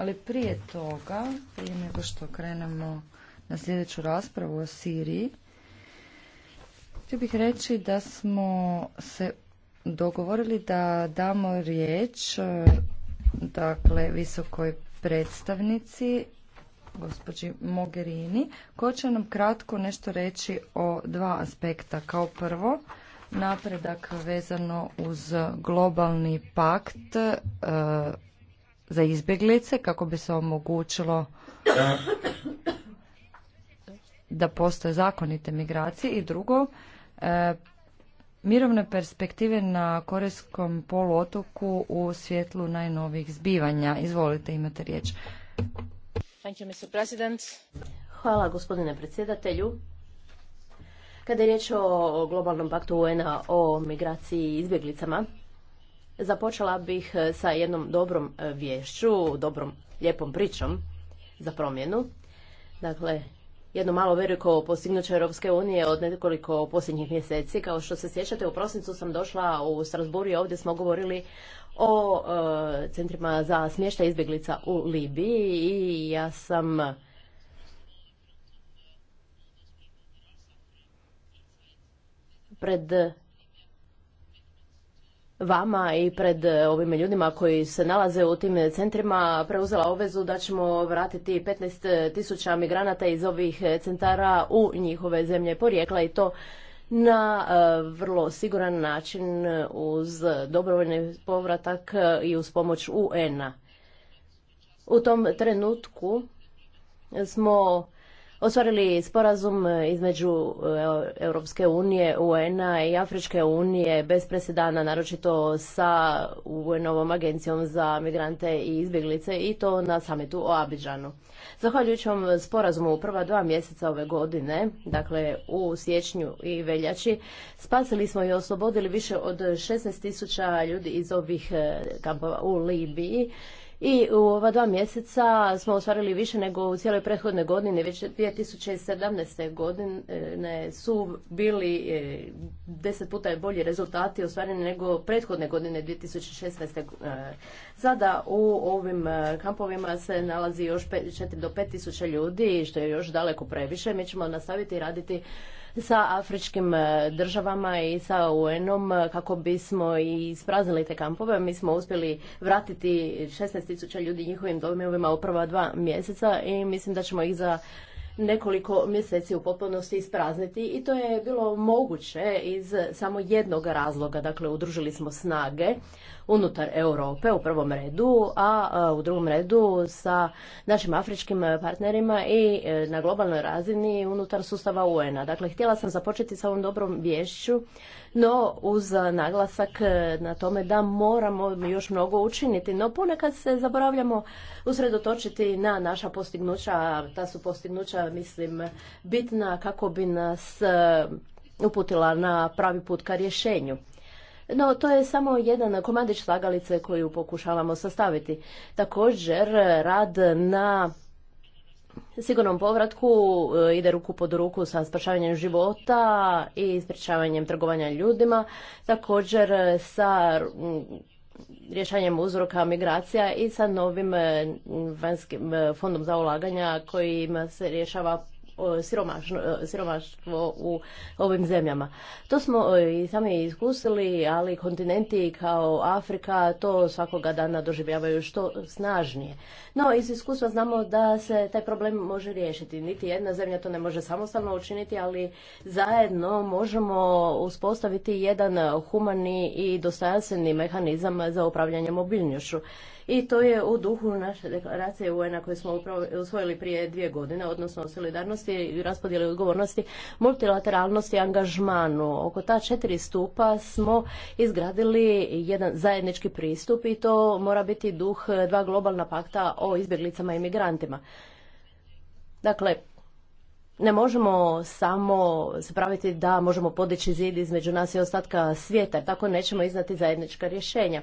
Ali prije toga, prije nego što krenemo na sljedeću raspravu o Siriji, htio bih reći da smo se dogovorili da damo riječ e, dakle visokoj predstavnici gospođi Mogherini koja će nam kratko nešto reći o dva aspekta. Kao prvo napredak vezano uz globalni pakt e, za izbjeglice kako bi se omogućilo da postoje zakonite migracije i drugo e, mirovne perspektive na Korejskom poluotoku u svjetlu najnovijih zbivanja. Izvolite, imate riječ. Thank you, Hvala gospodine predsjedatelju. Kada je riječ o globalnom paktu UN-a o migraciji i izbjeglicama, Započela bih e, sa jednom dobrom e, vješću, dobrom lijepom pričom za promjenu. Dakle, jedno malo veliko postignuće Europske unije od nekoliko posljednjih mjeseci. Kao što se sjećate, u prosincu sam došla u Strasburu i ovdje smo govorili o e, centrima za smještaj izbjeglica u Libiji i ja sam pred vama i pred e, ovim ljudima koji se nalaze u tim centrima preuzela obvezu da ćemo vratiti 15 tisuća migranata iz ovih centara u njihove zemlje porijekla i to na e, vrlo siguran način uz dobrovoljni povratak i uz pomoć UN-a. U tom trenutku smo ostvarili sporazum e, između e, Europske unije, UN-a i Afričke unije bez presedana, naročito sa UN-ovom agencijom za migrante i izbjeglice i to na samitu o Abidžanu. Zahvaljujući ovom sporazumu u prva dva mjeseca ove godine, dakle u siječnju i veljači, spasili smo i oslobodili više od 16.000 tisuća ljudi iz ovih e, kampova u Libiji i u ova dva mjeseca smo ostvarili više nego u cijeloj prethodnoj godine, već 2017. godine su bili e, deset puta bolji rezultati ostvareni nego prethodne godine 2016. E, Sada u ovim e, kampovima se nalazi još 4 do 5 tisuća ljudi, što je još daleko previše. Mi ćemo nastaviti raditi sa afričkim e, državama i sa UN-om e, kako bismo i ispraznili te kampove. Mi smo uspjeli vratiti 16.000 ljudi njihovim domovima u prva dva mjeseca i mislim da ćemo ih za nekoliko mjeseci u potpunosti isprazniti i to je bilo moguće iz samo jednog razloga. Dakle, udružili smo snage unutar Europe u prvom redu, a u drugom redu sa našim afričkim partnerima i e, na globalnoj razini unutar sustava UN-a. Dakle, htjela sam započeti sa ovom dobrom vješću, no uz naglasak e, na tome da moramo još mnogo učiniti, no ponekad se zaboravljamo usredotočiti na naša postignuća, ta su postignuća E, mislim bitna kako bi nas e, uputila na pravi put ka rješenju. No, to je samo jedan komadić slagalice koju pokušavamo sastaviti. Također, rad na sigurnom povratku e, ide ruku pod ruku sa spašavanjem života i sprječavanjem trgovanja ljudima, također sa rješanjem uzroka migracija i sa novim eh, vanjskim eh, fondom za ulaganja kojima se rješava siromaštvo u ovim zemljama. To smo i sami iskusili, ali kontinenti kao Afrika to svakoga dana doživljavaju što snažnije. No, iz iskustva znamo da se taj problem može riješiti. Niti jedna zemlja to ne može samostalno učiniti, ali zajedno možemo uspostaviti jedan humani i dostojanstveni mehanizam za upravljanje mobilnošću i to je u duhu naše deklaracije UN-a koje smo upravo usvojili prije dvije godine, odnosno o solidarnosti i raspodjeli odgovornosti, multilateralnosti i angažmanu. Oko ta četiri stupa smo izgradili jedan zajednički pristup i to mora biti duh dva globalna pakta o izbjeglicama i migrantima. Dakle, ne možemo samo se praviti da možemo podići zid između nas i ostatka svijeta, tako nećemo iznati zajednička rješenja.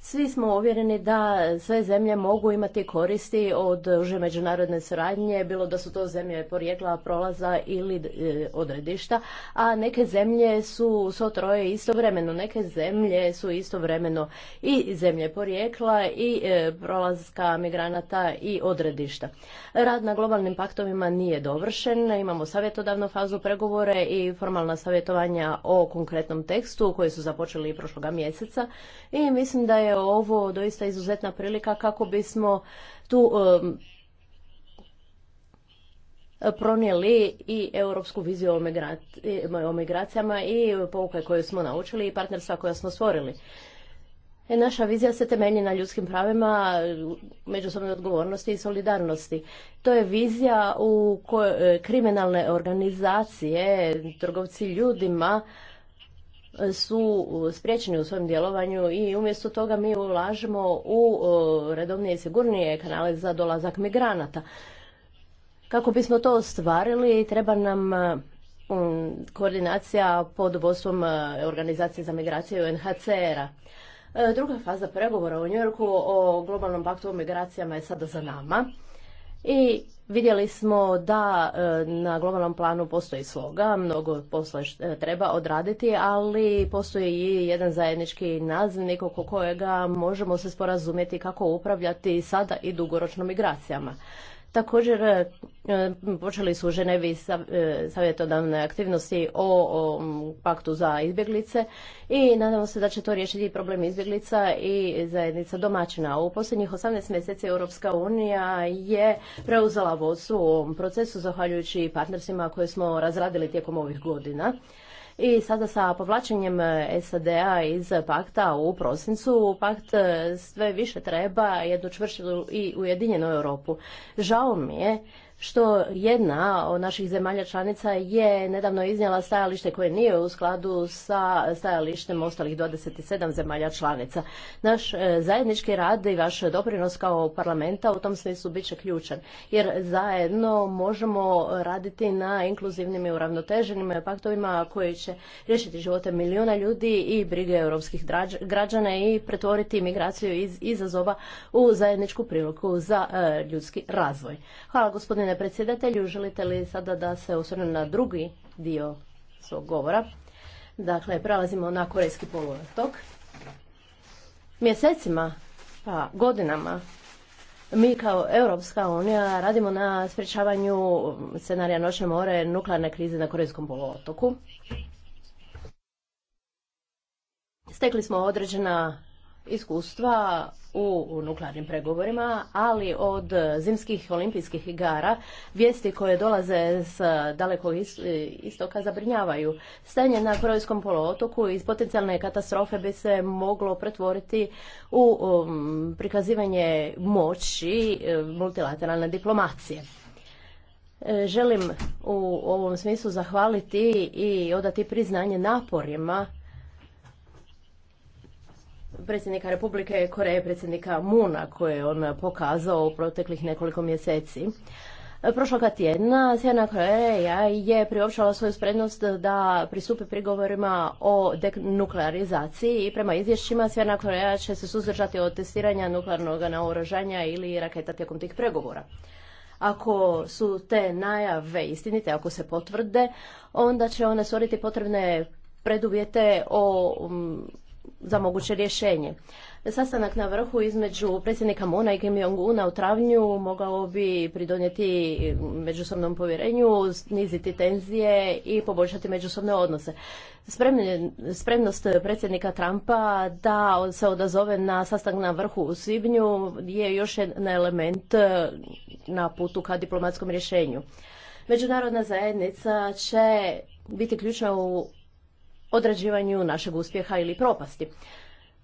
Svi smo uvjereni da sve zemlje mogu imati koristi od uže međunarodne suradnje, bilo da su to zemlje porijekla, prolaza ili e, odredišta, a neke zemlje su so troje istovremeno, neke zemlje su istovremeno i zemlje porijekla i e, prolazka migranata i odredišta. Rad na globalnim paktovima nije dovršen, imamo savjetodavnu fazu pregovore i formalna savjetovanja o konkretnom tekstu koji su započeli i prošloga mjeseca i mislim da je je ovo doista izuzetna prilika kako bismo tu pronijeli i europsku viziju o, migracijama i pouke koje smo naučili i partnerstva koja smo stvorili. E, naša vizija se temelji na ljudskim pravima, međusobnoj odgovornosti i solidarnosti. To je vizija u kojoj e, kriminalne organizacije, trgovci ljudima, su spriječeni u svojem djelovanju i umjesto toga mi ulažemo u e, redovnije i sigurnije kanale za dolazak migranata. Kako bismo to ostvarili, treba nam e, koordinacija pod vodstvom e, Organizacije za migraciju UNHCR-a. Druga faza pregovora u Njorku o globalnom paktu o migracijama je sada za nama i vidjeli smo da e, na globalnom planu postoji sloga, mnogo posla e, treba odraditi, ali postoji i jedan zajednički nazivnik oko kojega možemo se sporazumjeti kako upravljati sada i dugoročno migracijama. Također e, e, počeli su u Ženevi e, savjetodavne aktivnosti o paktu za izbjeglice i nadamo se da će to riješiti problem izbjeglica i zajednica domaćina. U posljednjih 18 mjeseci Europska unija je preuzela vodstvo u ovom procesu zahvaljujući partnersima koje smo razradili tijekom ovih godina. I sada sa povlačenjem e, SAD-a iz pakta u prosincu, pakt e, sve više treba jednu čvršću i ujedinjenu Europu. Žao mi je što jedna od naših zemalja članica je nedavno iznijela stajalište koje nije u skladu sa stajalištem ostalih 27 zemalja članica. Naš e, zajednički rad i vaš doprinos kao parlamenta u tom smislu bit će ključan, jer zajedno možemo raditi na inkluzivnim i uravnoteženim paktovima koji će riješiti živote milijuna ljudi i brige europskih građana i pretvoriti migraciju iz izazova u zajedničku priliku za e, ljudski razvoj. Hvala gospodine Gospodine predsjedatelju, želite li sada da se osvrne na drugi dio svog govora? Dakle, prelazimo na Korejski poluotok. Mjesecima, pa godinama, mi kao Europska unija radimo na sprječavanju scenarija Noćne more nuklearne krize na Korejskom poluotoku. Stekli smo određena iskustva u nuklearnim pregovorima, ali od zimskih olimpijskih igara vijesti koje dolaze s dalekog istoka zabrinjavaju. Stanje na Krojskom poluotoku iz potencijalne katastrofe bi se moglo pretvoriti u um, prikazivanje moći um, multilateralne diplomacije. E, želim u ovom smislu zahvaliti i odati priznanje naporima predsjednika Republike Koreje, predsjednika Muna, koje je on pokazao u proteklih nekoliko mjeseci. Prošloga tjedna Sjena Koreja je priopćala svoju sprednost da pristupi prigovorima o denuklearizaciji i prema izvješćima Sjena Koreja će se suzdržati od testiranja nuklearnog naoružanja ili raketa tijekom tih pregovora. Ako su te najave istinite, ako se potvrde, onda će one stvoriti potrebne preduvjete o za moguće rješenje. Sastanak na vrhu između predsjednika Mona i Kim Jong-una u travnju mogao bi pridonijeti međusobnom povjerenju, sniziti tenzije i poboljšati međusobne odnose. spremnost predsjednika Trumpa da se odazove na sastanak na vrhu u Svibnju je još jedan element na putu ka diplomatskom rješenju. Međunarodna zajednica će biti ključna u određivanju našeg uspjeha ili propasti.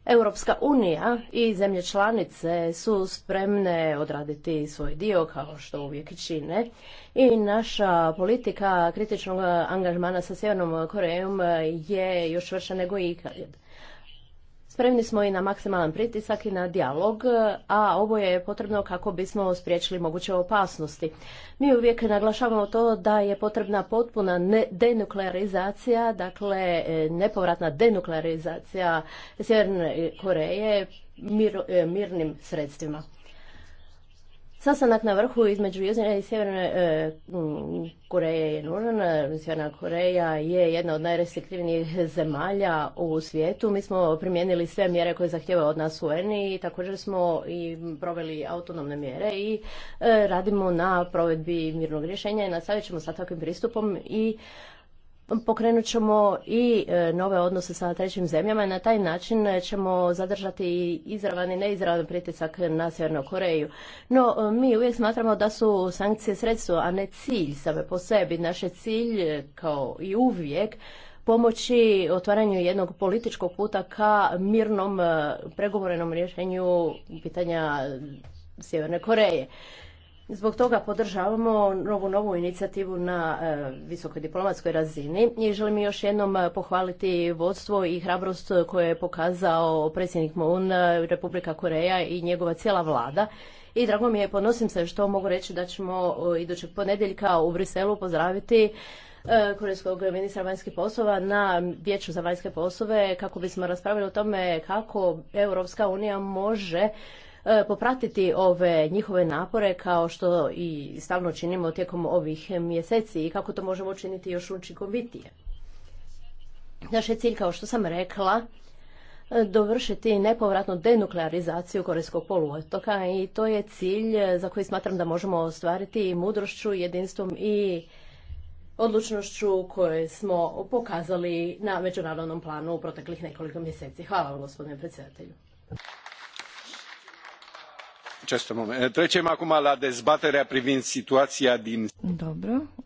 Europska unija i zemlje članice su spremne odraditi svoj dio kao što uvijek i čine i naša politika kritičnog angažmana sa Sjevernom Korejom je još vrša nego ikad. Spremni smo i na maksimalan pritisak i na dijalog, a ovo je potrebno kako bismo spriječili moguće opasnosti. Mi uvijek naglašavamo to da je potrebna potpuna denuklearizacija, dakle e, nepovratna denuklearizacija Sjeverne Koreje e, mirnim sredstvima. Sastanak na vrhu između Južne i Sjeverne e, Koreje je nužan. Sjeverna Koreja je jedna od najrestriktivnijih zemalja u svijetu. Mi smo primijenili sve mjere koje zahtjeva od nas UN i također smo i proveli autonomne mjere i e, radimo na provedbi mirnog rješenja i nastavit ćemo sa takvim pristupom i pokrenut ćemo i e, nove odnose sa trećim zemljama i na taj način ćemo zadržati izravan i neizravan pritisak na Sjevernu Koreju. No, e, mi uvijek smatramo da su sankcije sredstvo, a ne cilj same po sebi. Naš je cilj, e, kao i uvijek, pomoći otvaranju jednog političkog puta ka mirnom pregovorenom rješenju pitanja Sjeverne Koreje. Zbog toga podržavamo novu novu inicijativu na e, visokoj diplomatskoj razini i želim još jednom e, pohvaliti vodstvo i hrabrost koje je pokazao predsjednik Moon, e, Republika Koreja i njegova cijela vlada. I drago mi je, ponosim se što mogu reći da ćemo idućeg ponedjeljka u Briselu pozdraviti korejskog ministra vanjskih poslova na vijeću za vanjske poslove kako bismo raspravili o tome kako Europska unija može E, popratiti ove njihove napore kao što i stalno činimo tijekom ovih mjeseci i kako to možemo učiniti još učinkovitije. Naš je cilj, kao što sam rekla, e, dovršiti nepovratnu denuklearizaciju Korejskog poluotoka i to je cilj za koji smatram da možemo ostvariti mudrošću, jedinstvom i odlučnošću koje smo pokazali na međunarodnom planu u proteklih nekoliko mjeseci. Hvala vam, gospodine predsjedatelju. Eh, trecem acum la dezbaterea privind situația din... Dobro,